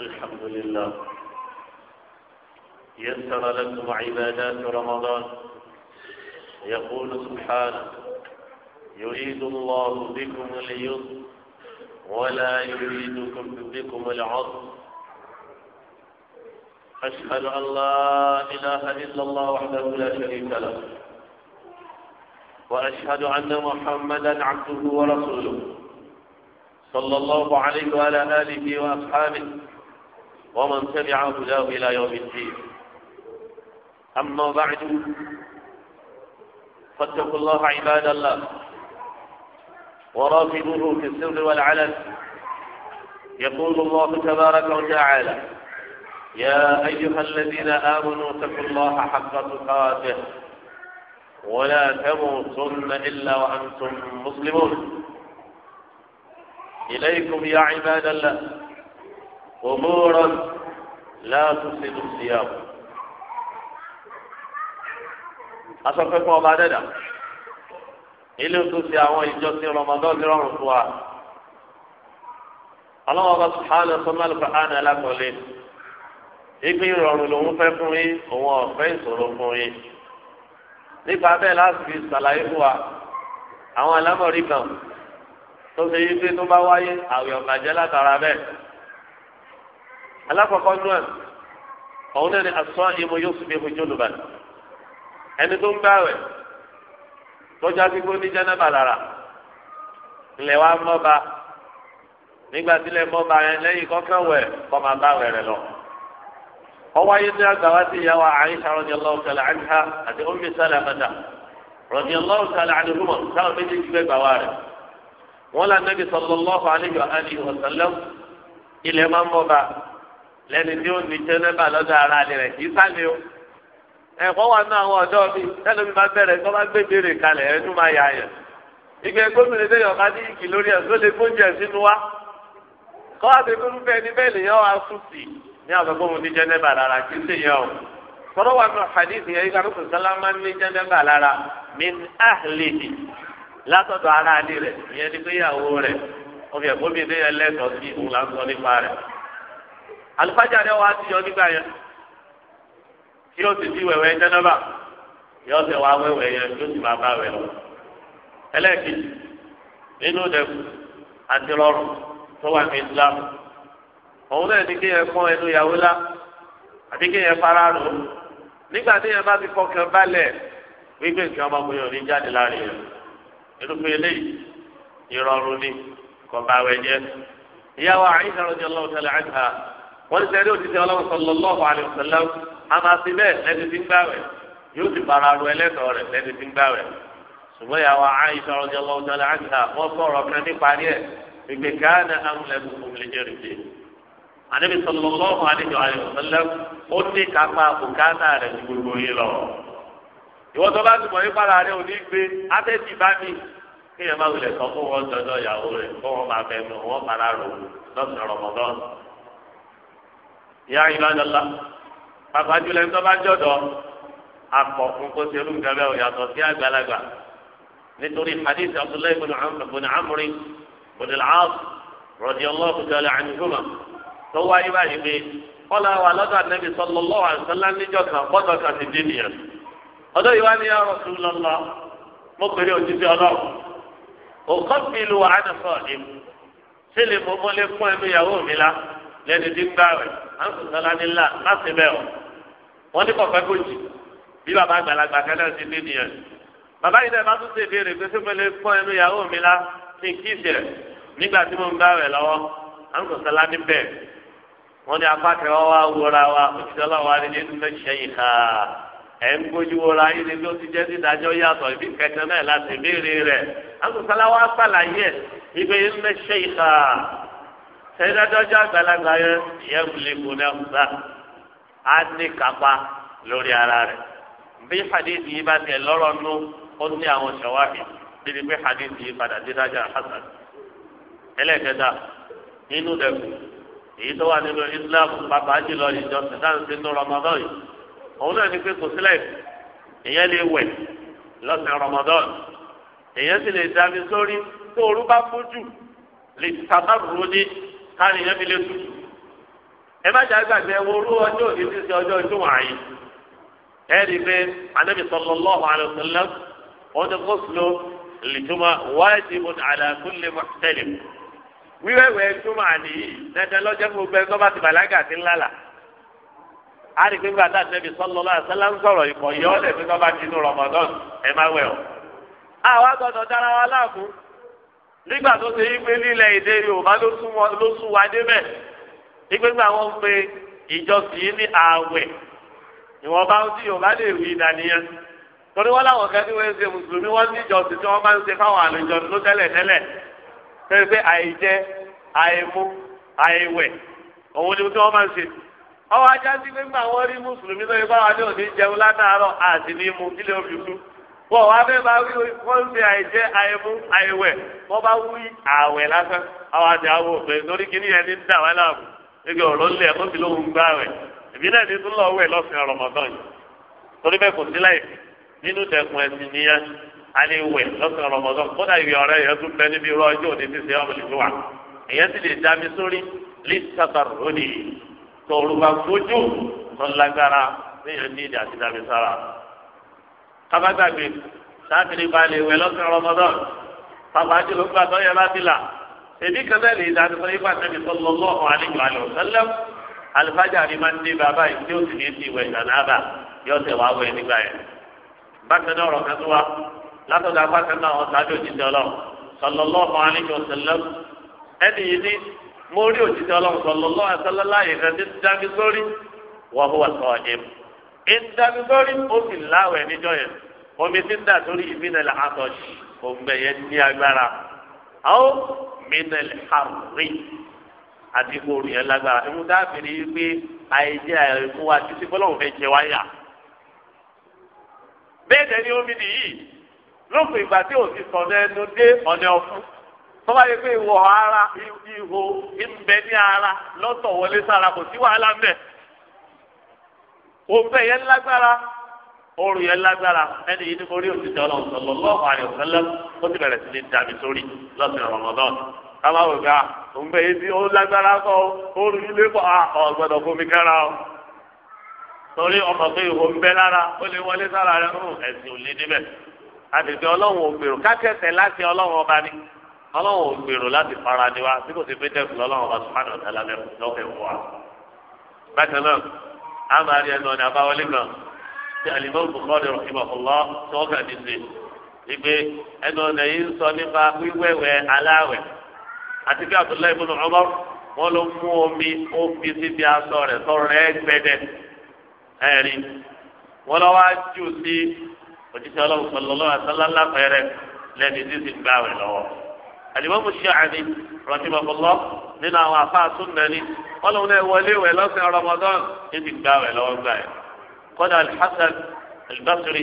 الحمد لله يسر لكم عبادات رمضان يقول سبحانه يريد الله بكم اليسر ولا يريدكم بكم العصر أشهد أن لا إله إلا الله وحده لا شريك له وأشهد أن محمدا عبده ورسوله صلى الله عليه وعلى آله وأصحابه ومن تبع هداه إلى يوم الدين أما بعد فاتقوا الله عباد الله ورافقوه في السر والعلن يقول الله تبارك وتعالى يا أيها الذين آمنوا اتقوا الله حق تقاته ولا تموتن إلا وأنتم مسلمون إليكم يا عباد الله òmùrọ̀ لا ló ṣe àwọ̀. aṣọ pẹ́pẹ́ ọba dẹ́dà ilé tó ṣe àwọn ìjọsìn rọmọdọ́ ní rọrùn fún wa. ọlọ́wọ́ bá sùhánù sọ́mọ́lù fàánù alákọ̀ọ́lẹ̀ ibi ìrọ̀rùn lòún fẹ́ fún yín òun ọ̀fẹ́ ìṣòro fún yín. nípa bẹ́ẹ̀ láti ṣàlàyé fún wa àwọn alámọ̀rí kan tó ṣe yí pé tó bá wáyé àwẹ̀ ọ̀gàjẹ́ látara bẹ́ẹ̀ alákọ̀ọ́kọ́ nù ẹ̀ ọ̀hún náà ni asọ́ ìmọ̀ yóò fi hu jólùbá ẹni tó ń gbàwẹ̀ tọ́jà gbígbó ní jẹ́nẹ́bà lára ilẹ̀ wa mọ́ba nígbà tílẹ̀ mọ́ba yẹn lẹ́yìn kọ́kẹ́ wẹ̀ kọ́ máa bá wẹ̀ rẹ̀ lọ. ọwọ́ ayé tí a gbà wá sí ìyàwó Àìṣà radiyallahu ta'ala anha àti Ummi Salamata radiyallahu ta'ala anhuma táwọn méjèèjì gbẹ gbà wá rẹ̀. wọ́n lànà lẹ́ni tí ó ní jẹ́nẹ́bà lọ́dọ̀ ara rẹ̀ kì í sálẹ̀ o ẹ̀kọ́ wà náà àwọn ọ̀dọ́ mi tẹ́lẹ̀ mi bá bẹ̀rẹ̀ tó bá gbé béèrè kalẹ̀ ẹnu máa yà yẹn ìgbẹ́ gómìnà ilé yọ̀ọ̀ká ní ìkì lórí ẹ̀ tó lè gbóúnjẹ sínú wa kọ́ àti gbólúfẹ́ ní bẹ́ẹ̀ lè yọ wá fúsì ní àgbẹ̀gbọ́ mu ní jẹ́nẹ́bà lára kì í sèyẹ o tọ́rọ wà náà hadithi yẹn ìgbà lóko sálámà ní jẹ́nẹ́bà lára min ahlihi látọ̀dọ̀ ara alẹ́ rẹ̀ ìyẹn ní pé ìyàwó rẹ̀ ọ̀fẹ́ gómìnà yẹn lẹ́tọ̀ọ́ sí òun là ń sọ alifájà rẹ wá ti yọ nígbà yẹn tí yóò ti di wẹ̀wẹ̀ jẹ́nẹ́bà yóò ti wá wẹ̀wẹ̀ yẹn yóò ti máa bá wẹ̀ lọ. ẹlẹ́ẹ̀kejì nínú dẹ̀kù àti rọrùn tó wà ní Islam òun náà ní kéèyàn pọ́n ẹnu ìyàwó lá àti kéèyàn fara rò ó nígbà téèyàn bá ti fọkàn balẹ̀ wípé nǹkan ọmọkùnrin ò jáde láàrin yẹn irúfẹ́ eléyìí ìrọ̀rùn ni kò bá wẹ̀ jẹ́ ìyàwó àyíká radiyallahu ta'ala anha wọ́n ti sẹ́rí òtítẹ́ ọlọ́run sallallahu alaihi wasallam àmà sí bẹ́ẹ̀ lẹ́ni tí ń gbà rẹ̀ yóò ti bára ru ẹlẹ́tọ̀ọ́ rẹ̀ lẹ́ni tí ń gbà rẹ̀ ṣùgbọ́n ìyàwó Aisha radiyallahu ta'ala anha wọ́n sọ̀rọ̀ kan nípa rí ẹ̀ gbègbè káàdà amúlẹ̀kùn fún mi lè jẹ́rìí dé. àníbi sallallahu alaihi wasallam ó ní kápá bùkátà rẹ̀ ju gbogbo yìí lọ. ìwọ tó bá tìmọ̀ yípa ara rẹ̀ òní gbé atẹ́tì bá mi ìyá ìbádọ́lá pàpà jùlọ ẹni tó bá jọ̀dọ̀ akọ̀ nǹkó ti irú nǹkan bẹ́ẹ̀ yàtọ̀ sí àgbàlagbà nítorí hadith abdullahi bin amri bin al-aas radiyallahu ta'ala anhuma tó wáyé báyìí pé kọ́lá wa lọ́dọ̀ ànábì sallallahu alaihi wasallam níjọ́ kan gbọ́dọ̀ kan ti dé nìyẹn ọ̀dọ́ ìwà ni ya rasulullah mo pèrè òjijì ọlọ́run òkọ́bìlù àdàfọ́ ọ̀dẹ́mu sílẹ̀ mo mọ́lé fún ẹnu ìyàwó mi la lẹ́ni dín gbà àǹsọ̀tàlá nílà láti bẹ́ẹ̀ o wọ́n ní kọ̀ọ̀kan kò jì bí bàbá àgbàlagbà kẹ́lẹ́ ti ní nìyẹn bàbá yìí náà bá tún ṣe ìbéèrè pé sọ́kẹ́lẹ́ fún ẹnu ìyàwó mi la ní kíìsì nígbà tí mo ń bá rẹ̀ lọ́wọ́ àǹsọ̀tàlá ní bẹ́ẹ̀ wọ́n ní apá kẹwàá wá wa òṣìṣẹ́ ọlọ́wà ní nínú lẹ́sẹ̀ yìí ká ẹ̀ ń gbójú wúra yìí ni ló ti jẹ́ dídájọ́ yàtọ̀ ìbí kẹtẹ náà láti béèrè rẹ̀ àǹsọ̀tàlá wa sàlàyé ìgbéyìí lẹ́sẹ̀ yìí ká sẹ́dájọ́jọ́ àgbàlagbà yẹn yẹn lè kó náà gbà á ní kápá lórí ara rẹ̀ bí hadith yìí bá tẹ̀ lọ́rọ̀ nú ó ní àwọn ṣọwáhì bíbi pé hadith yìí padà dé dájà hasan ẹlẹ́kẹta nínú dẹ̀kùn èyí tó wà nínú Islam pàpà jùlọ ìjọsìn dáńsí ní Ramadan yìí òun náà ní pé kò sílẹ̀ ìyẹn lè wẹ̀ lọ́sẹ̀ Ramadan èyí sì lè dá sórí tó orú bá fojú lè tàbá rú káàní yẹn fi lè tutù ẹ má jà gbàgbé wo orú ọjọ́ òní ti ṣe ọjọ́ ìjọ wàáyé ẹ rí i pé anabi sallallahu alaihi wasallam ọdún kọ́sùlù lìtúmọ̀ wajibun ala kulli muhtalim wíwẹ̀wẹ̀ túmọ̀ àní dandan lọ́jọ́ gbogbo ẹ̀ sọ́ba ti bàlágà ti ńlá la a rí pé gbàdá nẹ́bi sọ́lọ́ láti sẹ́lá ń ti inú rọmọdọ́n ẹ o. àwa gbọ́dọ̀ dára wa láàmú nígbà tó ṣe wípé nílẹ̀ èdè yorùbá ló sún wa débẹ̀ ìgbégbà wọn ń pe ìjọsìn yìí ní ààwẹ̀ ìwọ̀nba tí yorùbá lè wí ìdánìyẹn torí wọn láwọn kẹ́ni wọ́n ń ṣe mùsùlùmí wọ́n ní ìjọsìn tí wọ́n bá ń ṣe fáwọn àlejò ló tẹ́lẹ̀ tẹ́lẹ̀ pé pé àìjẹ àìmú àìwẹ̀ òun ni tí wọ́n máa ń ṣe ọwọ́ ajá sí pé gbà wọ́n rí mùsùlùmí lóye báwa ní òní jẹun látàárọ̀ àti ní mu ilé òbí tú wọ́n wá fẹ́ bá wí wọ́n ṣe àìjẹ́ àìmú àìwẹ̀ wọ́n bá wí àwẹ̀ lásán àwọn àti àwọn òfin lórí kíní yẹn ní dà wá láàbù ebi ọ̀rọ̀ ńlẹ̀ ó ti lóhun gbá rẹ̀ èmi náà ti tún lọ wẹ̀ lọ́sìn ọ̀rọ̀mọ̀tàn yìí torí bẹ́ẹ̀ kò sí láì nínú tẹ̀kùn ẹ̀sìn nìyẹn a lè wẹ̀ lọ́sìn ọ̀rọ̀mọ̀tàn kódà ìwé ọ̀rẹ́ yẹn tún bẹ níbi irú ọjọ́ òní ti ṣe ọmọ ìlú wa èyàn sì lè dá mi sórí lítàtàrò ní tọ̀rùbà fojú tó kábàgbàgbé sáfìrí balẹ̀ ìwẹ̀ lọ́sẹ̀ rọmọdọ́n bàbá àjùlọ gbà tó yẹ láti là èdè kan náà lè dájú pé ipa tẹ̀lé sọ́lọ́ lọ́wọ́ àlejò àlọ́ sẹ́lẹ̀m alifájà ni máa ń dé bàbá yìí tí ó sì ní ti ìwẹ̀ ìdànáàbà yóò tẹ̀ wá wẹ̀ nígbà yẹn. bákan náà ọ̀rọ̀ kan tó wá látọ̀dọ̀ apákan náà wọn sáájú òjijì ọlọ́run sọ́lọ́ lọ́wọ́ àlejò sẹ́lẹ̀m ẹni ìdàbí sórí omi láwẹ̀ níjọ́ yẹn omi ti ń dà sórí ìmínẹ̀lẹ̀ àtọ̀jì òǹgbẹ yẹn ní agbára àwọn mínẹ̀lẹ̀ àrùrí àti ooru yẹn lágbára ìmú dábìrì pé àìjẹ àìmú wa títí fọlọ́hún fẹ́ jẹ wáyà bẹ́ẹ̀ dẹ̀ ni omi nìyí lópin ìgbà tí òsì sọ̀nà ẹnu dé ọ̀nà ọ̀fun tọ́ba yẹ pé ìwọ̀ ara ihò ń ní ara lọ́tọ̀ wọlé sára kò sí wàhálà mẹ́ẹ̀ òfin yẹn lágbára oorun yẹn lágbára ẹni yìí ni mo rí òtítọ́ ọlọ́run sọlọ lọ́wọ́ àrẹ òfẹ́lẹ́ ó ti bẹ̀rẹ̀ sí ní dàbí sórí lọ́sìn Ramadan káwá wò ga òun bẹ̀ yìí tí ó lágbára kọ́ oorun yìí lé kọ́ ọ̀gbọ́dọ̀ fún mi kẹ́ra o torí ọmọ pé ìwọ ń bẹ lára ó lè wọlé sára rẹ ń ẹ̀sìn ò lé débẹ̀ àtẹ̀tẹ̀ ọlọ́run ò gbèrò kákẹ́sẹ̀ láti ọlọ́run ọba ni ọlọ́run ò gbèrò láti fara ni wa bí kò sí pé tẹ̀sán ọlọ́run ọba sùpánù ọ̀tá lábẹ́ lọ́kẹ́ wọ́ wa. bákan náà àmà rí ẹnu ọ̀nà àbáwọlé kan tí àlìmọ́ Bukhari rahimahullah tí wọ́n kàn dìde ìgbé ẹnu ọ̀nà yìí ń sọ nípa wíwẹ̀wẹ̀ aláwẹ̀ àti bí Abdullahi ibn Umar wọn ló mú omi ó fi síbi aṣọ rẹ̀ sọ̀rọ̀ rẹ̀ gbẹdẹ ẹ̀rí wọn lọ wá jù sí òjíṣẹ́ ọlọ́run sallallahu alaihi wasallam lápẹ̀rẹ̀ lẹ́ni tí ti gbà wẹ̀ lọ́wọ́ àlìmọ́ Sha'bi rahimahullah nínú àwọn àfáà wọn lòun náà wọlé wẹ̀ lọ́sẹ̀ Ramadan ebi gba wẹ̀ lọ́wọ́ gbà yẹn kódà Al-Hasan Al-Basri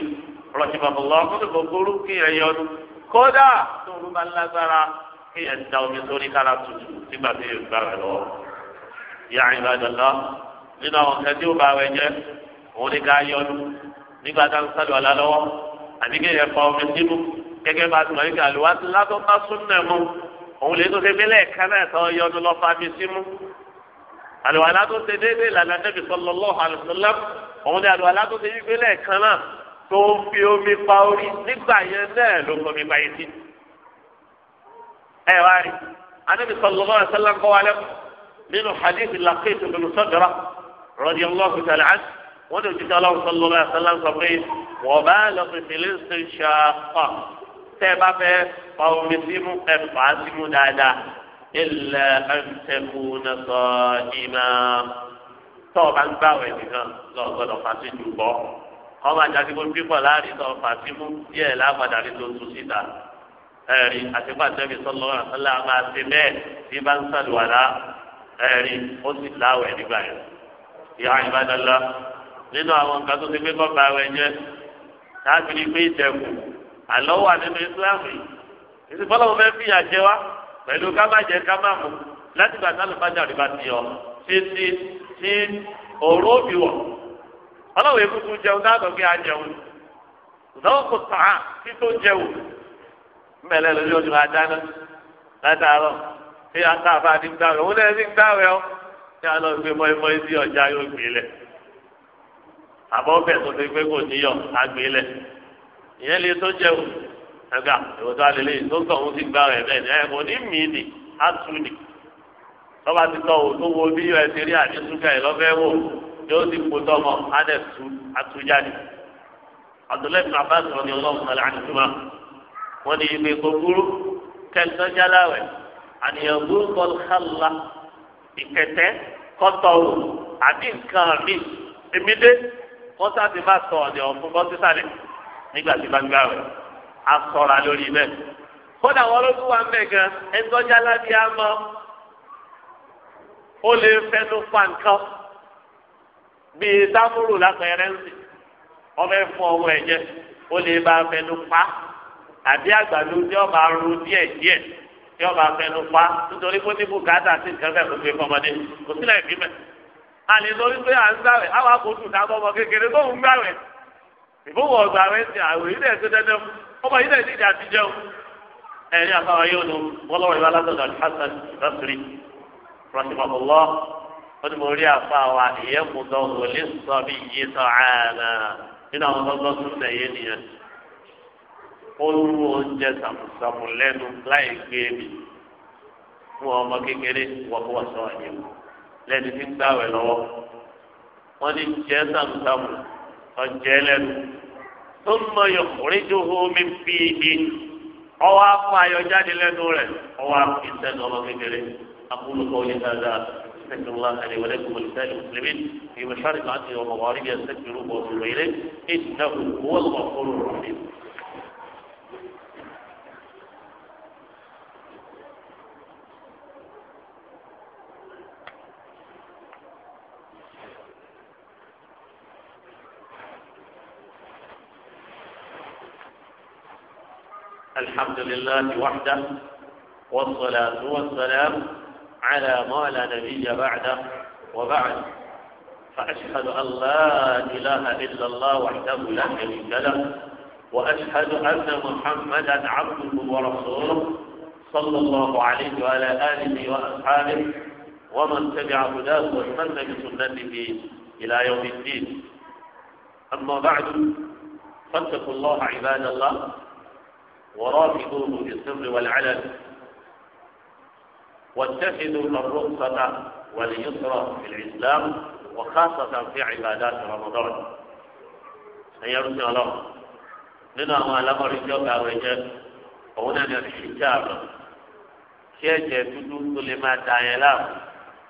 rahimahullah kódà gbogbooro kí ẹ yọ ọdún kódà tó o bá lágbára kí ẹ da omi sórí kára tutù nígbà tí yóò gbà wẹ̀ lọ́wọ́ yà ìbàdàlá nínú àwọn kẹtí ó bá wẹ̀ jẹ òun ni ká yọ ọdún nígbà tá a ń sálọ ọ̀la lọ́wọ́ àti kí ẹ fa omi sínú gẹ́gẹ́ bá a ti mọ̀ yìí kí àlùwá ti látọ́ bá súnnà mu òun lè tó ṣe gbélé ẹ̀ka náà tó yọ ọdún lọ́ fa mi símú àlùwàlá tó ṣe déédéé lànà Ànábì sallallahu alaihi wasallam òun ni àlùwàlá tó ṣe wípé lẹ́ẹ̀kan náà tó ń fi omi pa orí nígbà yẹn náà ló fomi pa etí. ẹ wá rí Ànábì sallallahu alaihi wasallam kọ́ wa lẹ́kọ̀ọ́ nínú hadith Laqit bin Sadra radiyallahu ta'ala anhu wọ́n ti jíjẹ́ ọlọ́run sọ́lọ́ lọ́yà ń sọ pé wọ́n bá lọ fi fìlí ṣe ṣàkọ́ tẹ́ bá fẹ́ pa omi símú ẹ fà á símú dáadáa إلا ẹ̀ńtẹ̀kùnà sọ ìmọ̀ tọ́ọ̀ bá ń gbàwẹ̀ nìkan lọ́gbọ́dọ̀ fàṣẹ jù bọ́ ọmọ àjàdí kó pípọ̀ láàrin tọ́ fàṣẹ mú díẹ̀ lágbàdà ní tuntun síta ẹ̀rí àtìpàtẹ́bí sọ́lọ́ ọ̀sánlá máa ṣe bẹ́ẹ̀ bí bá ń sàlùwàlá ẹ̀rí ó sì láwẹ̀ nígbà yẹn. ìyá ìbádọ́lá nínú àwọn nǹkan tó ti gbé kọ́ báwẹ̀ jẹ́ láti rí pé ìtẹ̀kù àlọ́ wà nínú ìsìláàmù yìí ìsìnkú pẹ̀lú ká má jẹ ká má mu láti gbà sálù bá jàre bá ti yọ títí tí òru òbí wọ̀ ọlọ́wọ́ ekutu jẹun dáàbò bí a jẹun lọ́wọ́ sàá tí tó jẹun mẹ́lẹ́ lórí ojú wa dáná látàárọ̀ tí a ká àfa ní gbàwé òun náà ní gbàwé ọ́ tí a lọ gbé mọ́ẹ́mọ́ sí ọjà yóò gbé lẹ̀ àbọ̀ bẹ̀ tó ti gbé kò níyọ̀ á lẹ̀ ìyẹn lè tó jẹun ẹgbà ìwòsàn àlele tó sọ òun ti gba rẹ bẹ́ẹ̀ ni ẹ kò ní mí ni á tu ni tọ́ba ti tọ́ o tó wo bí yọ ẹsẹ̀ rí àti súkà ẹ̀ lọ́fẹ́ wò yóò ti kó tọ́mọ á dẹ̀ tu á tu jáde àdúlẹ̀ fún abá sọ̀rọ̀ ni ọlọ́run sọ̀rọ̀ àti túmọ̀ wọ́n ní ibi gbogbo kẹsàn-án jáláwẹ̀ àníyàn gbogbo kálá ìkẹtẹ kọ́tọ̀ o àbí nǹkan mi èmi dé kọ́tà ti bá sọ̀ ọ̀dẹ̀ ọ̀fun bọ́sísàlẹ̀ asọ̀ra lórí bẹ́ẹ̀. kódà wọn ló tún wà ń bẹ̀ gan ẹnitọ́jà lábí á mọ́ ó lè fẹnu fa nǹkan bíi sáfúrù lápẹ̀rẹ̀ ń sìn ọbẹ̀ fún ọwọ́ ẹ̀jẹ̀ ó lè bá fẹnu pa àbí àgbàdo tí ọba ru díẹ̀ díẹ̀ tí ọba fẹnu pa nítorí pé níbu gàdá sí nǹkan bẹ́ẹ̀ fún mi fọmọdé kò sílẹ̀ ìbímẹ. àlè lórí pé à ń gbàwẹ̀ àwọn akóso ìdábọ̀ ọmọ kékeré tó ń gbàwẹ̀ ìfowó ọgbà rẹ ti àwòrán yìí dẹ̀ ṣe dandan ọba yìí dẹ̀ ti dà ti jẹun yóò lò wọ́lọ́wọ́ ìwà alásọ̀dọ̀ alhassan basiri rahimahullah wọ́n ti mọ̀ rí àfáwá ìyẹ́kùn tó ń wọlé sọ bí iye sọ ààlà nínú àwọn tọ́gbọ́n tó ń tẹ̀yẹ nìyẹn. ó oúnjẹ sàmùsàmù lẹ́nu láì gbé mi fún ọmọ kékeré wọ́pọ̀ sọ àyẹ̀wò lẹ́ni tí ń gbàwẹ̀ lọ́wọ́ wọ́n ní jẹ́ sàmùsàmù ọ̀jẹ̀ lẹ́nu tó ń mọ yọkùnrin tó hó mi fi ibi ọwọ́ afọ ayọ̀jáde lẹ́nu rẹ̀ ọwọ́ ìsẹ́nu ọmọ kékeré akúlùkọ́ yẹn dáadáa استغفر الله لي ولكم ولسائر المسلمين في مشارق عدن ومغاربها استغفروه واتوبوا اليه انه هو الغفور الرحيم الحمد لله وحده والصلاة والسلام على ما لا نبي بعده وبعد فأشهد أن لا إله إلا الله وحده لا شريك له وأشهد أن محمدا عبده ورسوله صلى الله عليه وعلى آله وأصحابه ومن تبع هداه واستنى بسنته إلى يوم الدين أما بعد فاتقوا الله عباد الله ورافقوه بالسر والعلن واتخذوا الرخصة واليسر في الإسلام وخاصة في عبادات رمضان أي رسول الله لنا ما لمر الجوع وجه هنا الحجاب كيف تدود لما تعالى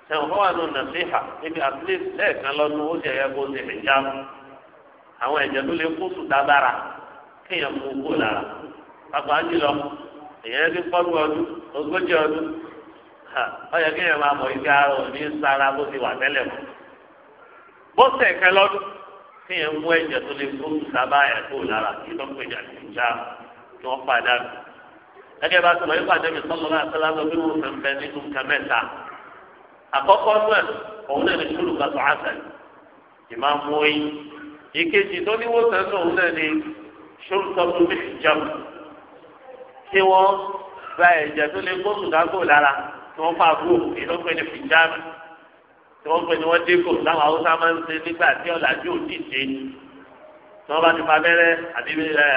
سوف النصيحة إني أقلت لك الله نوجه يقول الحجاب هو يجب أن قوس دبارة كي يقول pàpà jùlọ èyàn ti kọ́lu ọdún ogójì ọdún ọyọ kí èèyàn máa mọ̀ ike ara òní sara bó ti wà tẹ́lẹ̀ mọ́ bó sẹ̀kẹ́ lọ́dún kí èèyàn mú ẹ̀jẹ̀ tó lè fún sábà ẹ̀ lára kí ló pè jà sí ìjà kí wọ́n padà nù. gẹ́gẹ́ bá sọ̀rọ̀ yípa àdébí sọ́lọ́ náà sọ́lá lọ bí wọ́n fẹ́ fẹ́ ní nǹkan mẹ́ta. àkọ́kọ́ náà òun náà ní sùúrù bàtọ̀ àṣà ìmá mú ẹyin. ìkejì tó ní sùúrù tọ́tù tí wọ́n gba ẹ̀jẹ̀ tó lè kó sùdágò lára tí wọ́n fà kú ìlọ́pẹ́ ní fìjáàmù tí wọ́n pè ní wọ́n dégò láwọn haúsá máa ń ṣe nígbà tí ọ̀làjú ò tíì ṣe tí wọ́n bá ti fa abẹ́rẹ́ àbí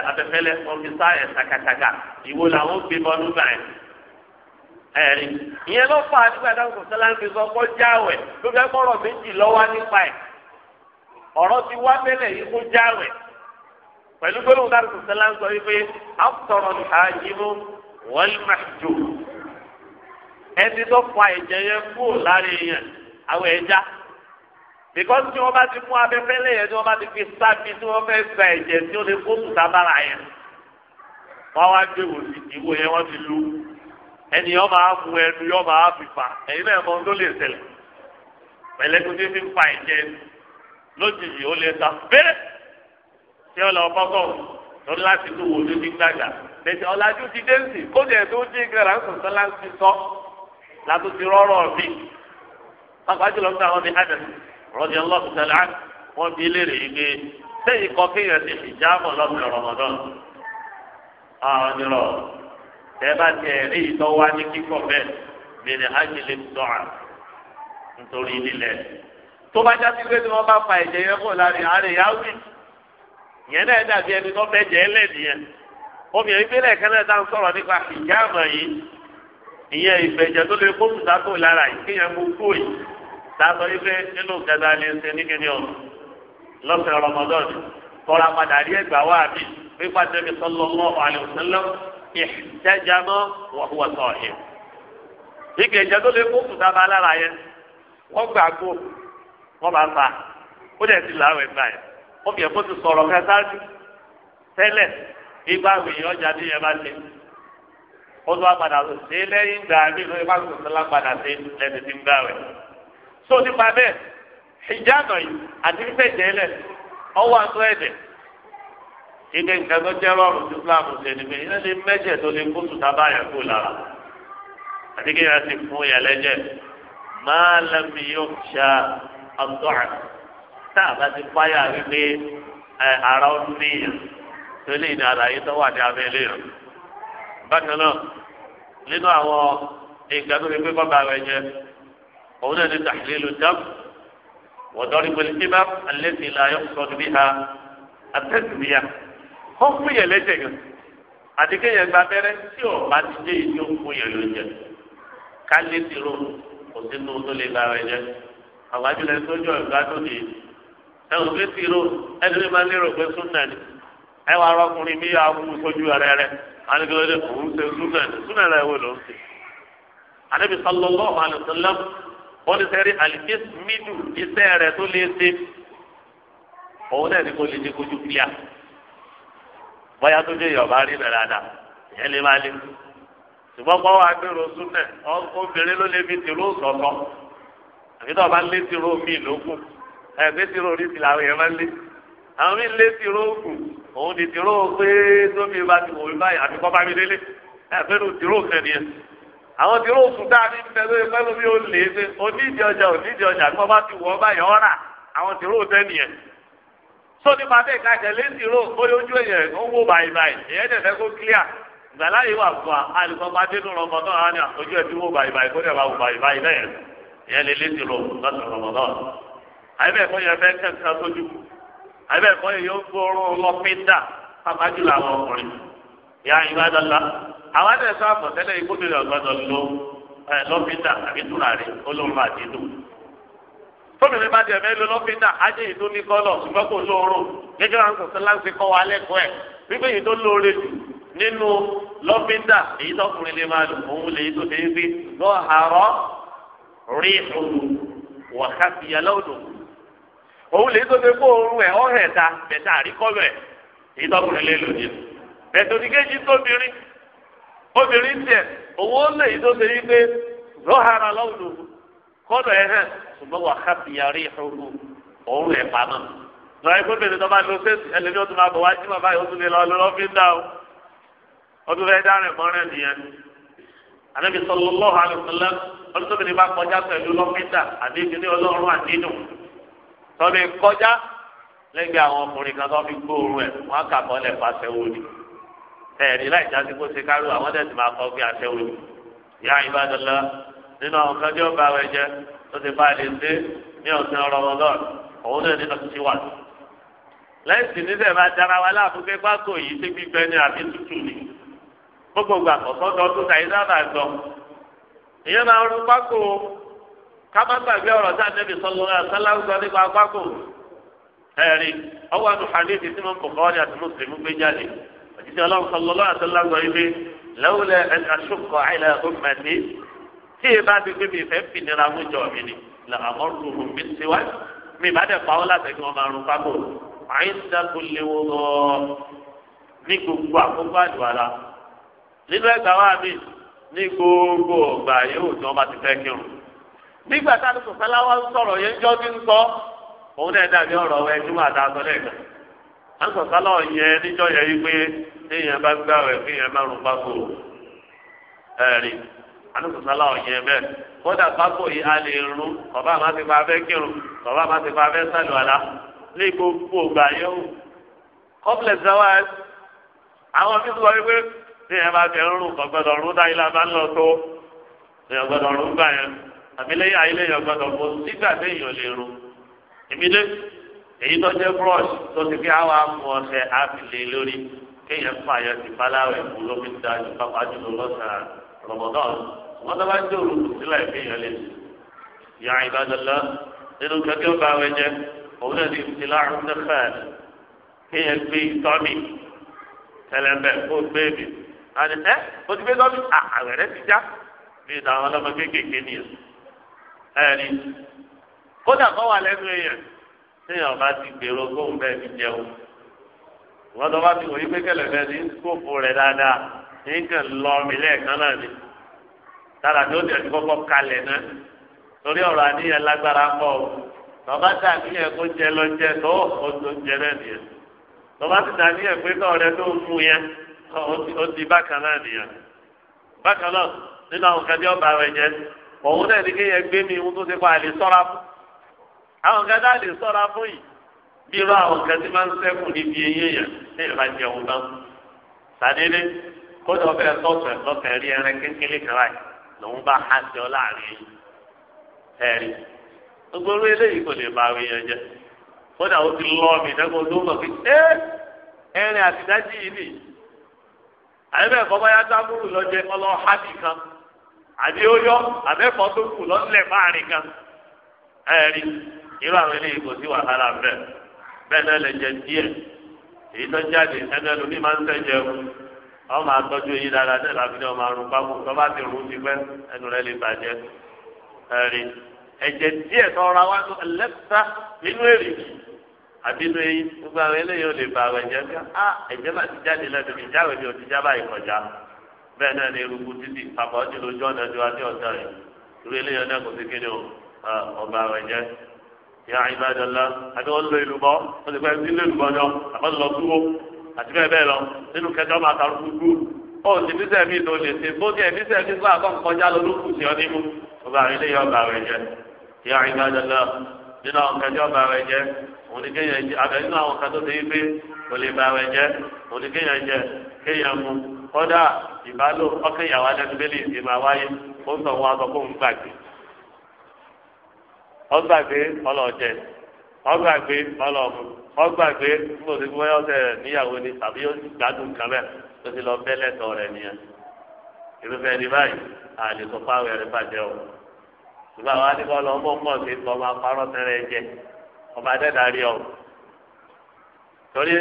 abẹ́fẹ́lẹ́ wọ́n fi sá ẹ̀ ṣàkàṣàkà ìwo làwọn gbé bọ́ nígbà yẹn ẹ̀rí ìyẹn ló fà á nígbà táwọn sọ̀tẹ́ láti sọ pé jáwẹ̀ ló fẹ́ kọ́rọ̀ méjì lọ́wọ́ nípa ẹ̀ ọ̀rọ̀ ti wá bẹ́lẹ̀ yìí kó jáwẹ̀ pẹ̀lú gbólóhùn dáàbò sẹ́lá ń sọ wípé àtọ̀rọ̀ àyímú wọ́n máa jò ẹni tó fa ẹ̀jẹ̀ yẹn kú lára èèyàn àwọn ẹja because tí wọ́n bá ti mú abẹ́fẹ́ lẹ́yìn tí wọ́n bá ti fi sábì tí wọ́n fẹ́ gba ẹ̀jẹ̀ tí ó lè kó kùtà bára yẹn wọ́n wá gbé wò sí ìwò yẹn wọ́n ti lu ẹni yọ máa mú ẹnu yọ máa fi fà ẹ̀yin náà mọ tó lè ṣẹlẹ̀ pẹ̀lẹ́kùn tí ọlọ bọkọ lórí láti tó wò lórí gbàgbà lẹsẹ ọlájú ti dé nsì kó dẹ tó dé gẹrẹ àwọn sọsọ láti sọ látó ti rọrọ bí pàpà jùlọ ń sàwọn ní adam rọdí ọlọ́pù tẹlẹ á wọn bí léèrè yìí pé sẹ́yìn kọ kéèyàn ti fi já bọ lọsẹ rọmọdán àwọn nírọ tẹ bá tiẹ̀ rí ìtọ ní kíkọ bẹ́ẹ̀ bèrè ájìlẹ tọà nítorí lílẹ tó bá já sí pé tí wọn bá fa ẹ̀jẹ̀ yẹn kó lárí àárẹ̀ yá wí yẹn náà dàbí ẹni tó bẹ́ẹ̀ jẹ́ ẹlẹ́nìyẹn obìnrin gbélé kan náà dáhùn sọ̀rọ̀ nípa ìyáàmọ̀ yìí ìyẹn ìfẹ̀jẹ̀ tó lè kó mùsàkó lára yìí kí yẹn mú kó yìí sáàtọ̀ ife nínú gàdá lè ṣe nígbìnrin ọ̀hún lọ́sẹ̀ rọmọdọ́n kọ́ra padà rí ẹgbà wá àbí pípa tẹ́mi sọ́lọ́ mọ́ àlùsílẹ̀ ìjẹ́jàmọ́ wọ̀húwọ̀ sọ̀hìn. ìgbẹ̀jẹ̀ tó lè kó mùsàkó lára yẹn wọ́n gbàgbó wọ́n bá fa ó dẹ̀ ti làwọn ẹgbà yẹn obìnrin kò ti sọ̀rọ̀ kẹsàájú tẹ́lẹ̀ ìgbà wìyí ọjà ní ẹ bá ṣe ó tún wá padà ṣe é lẹ́yìn ìgbà mi lórí bá tó sọlá padà ṣe lẹ́nu tí ń gbà rẹ̀. so nípa bẹ́ẹ̀ ìjànà yìí àti fífẹ́ jẹ́lẹ̀ ọwọ́ àtọ ẹ̀dẹ̀ ìdè nǹkan tó jẹ́ rọrùn tí Islam ṣe ni pé iná lè mẹ́jẹ̀ tó lè kóso tábà yẹn kó lára àti kéèyàn ti fún yẹn lẹ́jẹ̀ máa lẹ́mi yóò ṣá àtọ́ àti tá a bá ti fáyà wípé ara ọdún níyàn tó lè ní àlàyé tó wà ní abẹ́lé rẹ̀. bákan náà nínú àwọn nǹkan tó fi pé bọ́ba rẹ̀ jẹ òun náà ní tàhílì dam wọ̀dọ́rí pẹ̀lú tí bá alẹ́sìn ìlàyé sọ̀tún bí ha àtẹ̀sìmíyà kó fún yẹn lẹ́jẹ̀ gan àti kéèyàn gba abẹ́rẹ́ tí ò bá ti dé ìdí òkú yẹn ló jẹ kálí ti ro kò sínú tó lè ba rẹ̀ jẹ àwọn àjùlẹ̀ sójú ọ̀gá tó dé ẹ̀hún fi ti ro ẹ̀dínlẹ̀ máa lérò pé súnà ni ẹ wà rọkùnrin mi yà wú sójú rẹ rẹ alẹ́gbẹ̀rẹ́ òun ṣe súnà ni súnà rẹ wò ló ń ṣe. àdébí sallallahu alaihi wasallam wọ́n ti sẹ́rí àlìkésìmídù iṣẹ́ rẹ̀ tó lé ṣe òun náà ni kò lè ṣe kojú kílíà bóyá tó dé yọ̀ọ̀bá rí bẹ̀rẹ̀ àdá ìyẹn lè máa lé ṣùgbọ́n kọ́ wa gbèrò súnà obìnrin ló lè fi tìrú sọ̀tọ̀ àbí tó ẹgbẹ́ ti rò oríṣi làwọn èèyàn máa ń lé àwọn mí lé ti rò òkú òun ni ti rò pé tómi ti wò báyìí àti kọ́ bá mi délé ẹgbẹ́ ló ti rò kẹ́ nìyẹn àwọn ti rò lómi lè ṣe onídìí ọjà onídìí ọjà kọ́ bá ti wọ̀ báyìí ọ̀rà àwọn ti nìyẹn sọ nípa bẹ́ẹ̀ ká ti ojú ó wò dẹ̀ fẹ́ kó wà fún wa bá àyẹ̀bẹ̀ kọ́ yẹ fẹ́ kẹ́kẹ́ sójú àyẹ̀bẹ̀ kọ́ yẹ yóò gbóòórùn lọ́pẹ́ńdà pàpà jùlọ àwọn ọkùnrin yà ìbádọ́lá àwọn àti ẹ̀sọ́ àpọ̀tẹ́lẹ̀ ikú mi ọ̀gbọ́dọ̀ lo lọ́pẹ́ńdà àbí túnrarẹ̀ olóòórùn àti ìdùn. tómìnir bá tiẹ̀ mẹ́lò lọ́pẹ́ńdà ajé ìdún ní kọ́lọ̀ ṣùgbọ́n kò lóorùn gẹ́gẹ́ wọn sọ sẹ́láńsì kọ́ wa lẹ́kọ̀ọ́ ẹ̀ wípé èyí tó lóore jù nínú lọ́pẹ́ńdà èyí tọkùnrin lè máa lò òun lè yí tó ṣe é òun lè tó fi kó oorun ẹ̀ ọ̀hẹ̀ ta bẹ̀tà àríkọ́bẹ̀ èyí tọkùnrin lè lòdì bẹ̀tà oníkejì tóbìnrin obìnrin tiẹ̀ òun ó lè tó fi wípé lọ́hara lọ́wọ́dò kọ́dọ̀ ẹ̀ hàn ṣùgbọ́n wà hápìyàrí ìṣòro òun ẹ̀ pamọ́ lọ́wọ́ ẹgbẹ́ bèrè tó bá lọ sí ẹlẹ́ni ó tún máa bọ̀ wá jí bàbá yìí ó tún lè lọ lọ́ fi ń dá o ó tún fẹ́ dá rẹ̀ mọ́rẹ́ nìyẹn Ànábì sallallahu alaihi wasallam ọdún tóbi ní tọ́lẹ̀ kọjá lẹ́gbẹ̀ẹ́ àwọn ọkùnrin kan tó fi gbóòórùn ẹ̀ wọ́n á kàkọ́ lẹ̀ pàṣẹ wò ni ẹ̀rí láì jásí kó ṣe kárò àwọn tẹ̀sí máa kọ́ bí àṣẹ wò ni ìyá ìbádọ́lá nínú àwọn kan tí ó bá wẹ̀ jẹ́ tó ti bá lè dé ní ọ̀sán rọmọdọ́n òun náà nínú ti wà. lẹ́yìn sì níbẹ̀ máa dára wa láàbùkẹ́ gbáko yìí sí gbígbẹ́ ní àbí tútù ni gbogbo àkọ́kọ́ tó ọdún kàyí gbọ́ ìyẹn máa ń rú pákó kama gbàgbé ọ̀rọ̀ tí anabi sọlọ ẹ sọlá ń sọ nípa agbáko ẹ̀rí ọwọ́ àti hadith tí mo ń kọ̀kọ́ ọ́ni àti mùsùlùmí gbé jáde òjijì ọlọ́run sọlọ lọ́wọ́ àti sọlá ń sọ ibi lẹ́wọ́lẹ̀ ẹni aṣọ́kọ̀ àìlẹ̀ ọmọdé tí e bá ti gbé mi fẹ́ fìdíra mú jọ mi ni làwọn ọ̀rùn mi ti wá mi bá dẹ̀ pa ọ́ láti kí wọ́n máa rún pákó àyíṣàkúlẹ̀wò ní gbogbo àkókò àdùwàlà nínú ẹgbàá wa mi ní gbogbo ọgbà yóò nígbà tá a lóko fẹ́ láwa ń yẹn jọ́ ní ń sọ òun náà dàbí ọ̀rọ̀ ẹ júmọ̀ àti aṣọ lẹ́ẹ̀kan à ń sọ̀tà lọ yẹn níjọ́ yẹn yí pé èèyàn bá gbà rẹ̀ kí èèyàn má pákó ẹ̀rí à ń sọ̀tà lọ yẹn bẹ́ẹ̀ kódà pákó yìí a lè rún ọba àmà ti fa fẹ́ kírun ọba àmà ti fa fẹ́ sàlù àlá ní gbogbo ògbà yẹn o complex zawal àwọn mi sọ wípé èèyàn bá fẹ́ rún ọgbẹ́dọ̀ rún dáìlà bá ń lọ tó èèyàn gbẹ́dọ̀ rún gbà yẹn àbí lẹ́yìn ayélujára gbọ́dọ̀ bó sígbà téèyàn lè ro èmi lé èyí tó jẹ́ brush tó ti fi àwọn amú ọṣẹ àfìlè lórí kéèyàn fún àyọ ti báláwẹ̀ kú ló fi da ju pápá jùlọ lọ́sàn-án rọ̀mọ̀dọ́n wọ́n tó bá ń dòrò kù sílẹ̀ kéèyàn lè sùn. ìyá ìbádọ́lá nínú kẹ́kẹ́ bá wẹ jẹ òun náà ti ti láàrún nífẹ̀ẹ́ kéèyàn gbé tọ́mì tẹlẹmbẹ kó gbé mi. àti ẹ o ti gbé tọ́mì àwẹ̀rẹ́ ti já bí ìtàn ọlọ́mọ kéékèèké nìyẹn. ẹni kódà kọ́ wà lẹ́nu èèyàn téèyàn bá ti gbèrò gómù bẹ́ẹ̀ fi jẹun wọ́n tó bá ti wòye pé kẹlẹ̀ bẹ́ẹ̀ ní skóòpù rẹ̀ dáadáa ní kàn mi lẹ́ẹ̀kan náà ni tára tó kọ́kọ́ kalẹ̀ náà torí ọ̀rọ̀ àníyàn o tí kó jẹ lọ jẹ tó o tó jẹ náà nìyẹn tí pé rẹ tó yẹn o ti bákan náà nìyẹn bákan náà nínú àwọn kan tí òun náà ní kéèyàn gbé mi ohun tó ṣe pa àlè sọ́ra fún àwọn kan náà lè sọ́ra fún yìí bí irú àwọn kan tí máa ń sẹ́kù níbi eyín èèyàn ní ìlà jẹun náà sàdédé kódà ọbẹ̀ tọ̀tù ẹ̀ lọ́kẹ̀ na ẹran kékeré kan láì lòun bá há sí ọ láàrin ẹ̀rí gbogbo orí eléyìí kò lè ba àwọn èèyàn jẹ ti mi dẹ́gbẹ́ tó mọ̀ ẹ̀rín yìí nì àyẹ̀bẹ̀ àbí ó yọ àbẹ́fọ́ tó kù lọ́sílẹ̀ fáàrin kan ẹ̀rí irú àwọn eléyìí kò sí wàhálà bẹ́ẹ̀ bẹ́ẹ̀ náà lè jẹ díẹ̀ èyí tó jáde ẹgbẹ́ lómi máa ń tẹ̀jẹ̀ o wọ́n máa tọ́jú eyín dáadáa náà láti ní ọmọ arúgbó àwọn tó bá ti rún ti pẹ́ ẹnu rẹ̀ lè bàjẹ́ ẹ̀rí ẹ̀jẹ̀ díẹ̀ tọ́ra wá tó ẹlẹ́ta nínú èrìgì àbí inú eyín gbogbo àwọn eléyìí ò lè bàwẹ̀ jẹ́ bí ẹ̀jẹ̀ bá ti jáde lẹ́nu ìjáwé ni ò ti já báyìí bẹ́ẹ̀ náà ni eruku títì àbọ̀jù lójú ọ̀nà ju adé ọ̀tá rẹ̀ irú eléyàn náà kò sí kí ni o ọba rẹ̀ jẹ́ ya ibadallah àti wọn lo ìlúbọ wọn ti pẹ́ sí ilé ìlúbọ jọ àbọ̀jù lọ dúró àti bẹ́ẹ̀ bẹ́ẹ̀ lọ nínú kẹjọ máa ta rúkú ó ti bí sẹ́mi tó lè ṣe bó ti ẹ̀mí sẹ́mi tó àkọ́ kọjá lọ ló sí ọ nínú ọba rẹ̀ eléyàn ọba rẹ̀ jẹ́ ya ibadallah nínú àwọn kẹjọ ọba rẹ̀ jẹ́ òun ni kéèyàn kọ́dà ìbálò ọkẹ́yàwó adẹ́nubẹ́lì ìmọ̀ àwáyé ó ń sọ wọn aṣọ fóun gbàgbé ọgbàgbé ọlọ́ọ̀jẹ ọgbàgbé ọlọ́ọ̀mù ọgbàgbé nígbòtí bí wọ́n ṣe níyàwó ni tàbí ó sì gbádùn kámẹ́ tó ti lọ bẹ́ rẹ̀ nìyẹn ní báyìí àlè tó fáwọn ẹ̀rẹ́ bàjẹ́ o ìgbà wa ní kọ́ sí ọmọ tẹ́rẹ̀ jẹ torí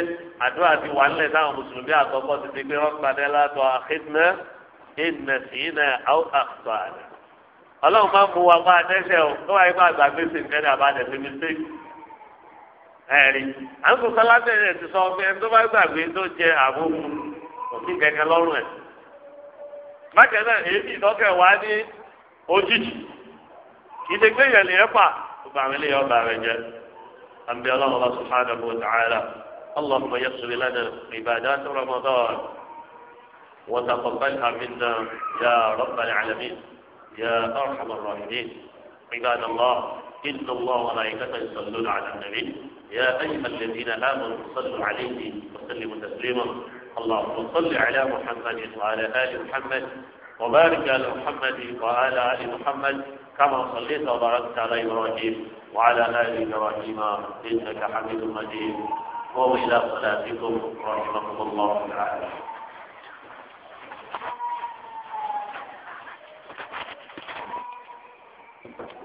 àdúrà ti wà nílẹ̀ táwọn mùsùlùmí àkọ́kọ́ ti di pé wọ́n padà látọ̀ àkíndínà ìnàsínà àwọn àkùtọ̀ àná. ọlọ́run máa ń mú wa bá adẹ́sẹ̀ o tó wáyé bá àgbà gbèsè nǹkan ní àbájá fi mistake. ẹ̀rí àǹkó sálábẹ̀ rẹ̀ ti sọ pé ẹni tó bá gbàgbé tó jẹ àbúkù òfin kẹ̀kẹ́ lọ́rùn ẹ̀. bákan náà èyí ìtọ́kẹ̀ wá ní òjijì kì í ṣe gbé ìyẹn lè ẹ́ pa gbogbo àwọn ilé yọ اللهم يسر لنا عبادات رمضان وتقبلها منا يا رب العالمين يا أرحم الراحمين عباد الله إن الله وملائكته يصلون على النبي يا أيها الذين آمنوا صلوا عليه وسلموا تسليما اللهم صل على محمد وعلى آل محمد وبارك على محمد وعلى آل محمد كما صليت وباركت على إبراهيم وعلى آل إبراهيم إنك حميد مجيد قوموا إلى صلاتكم رحمكم الله تعالى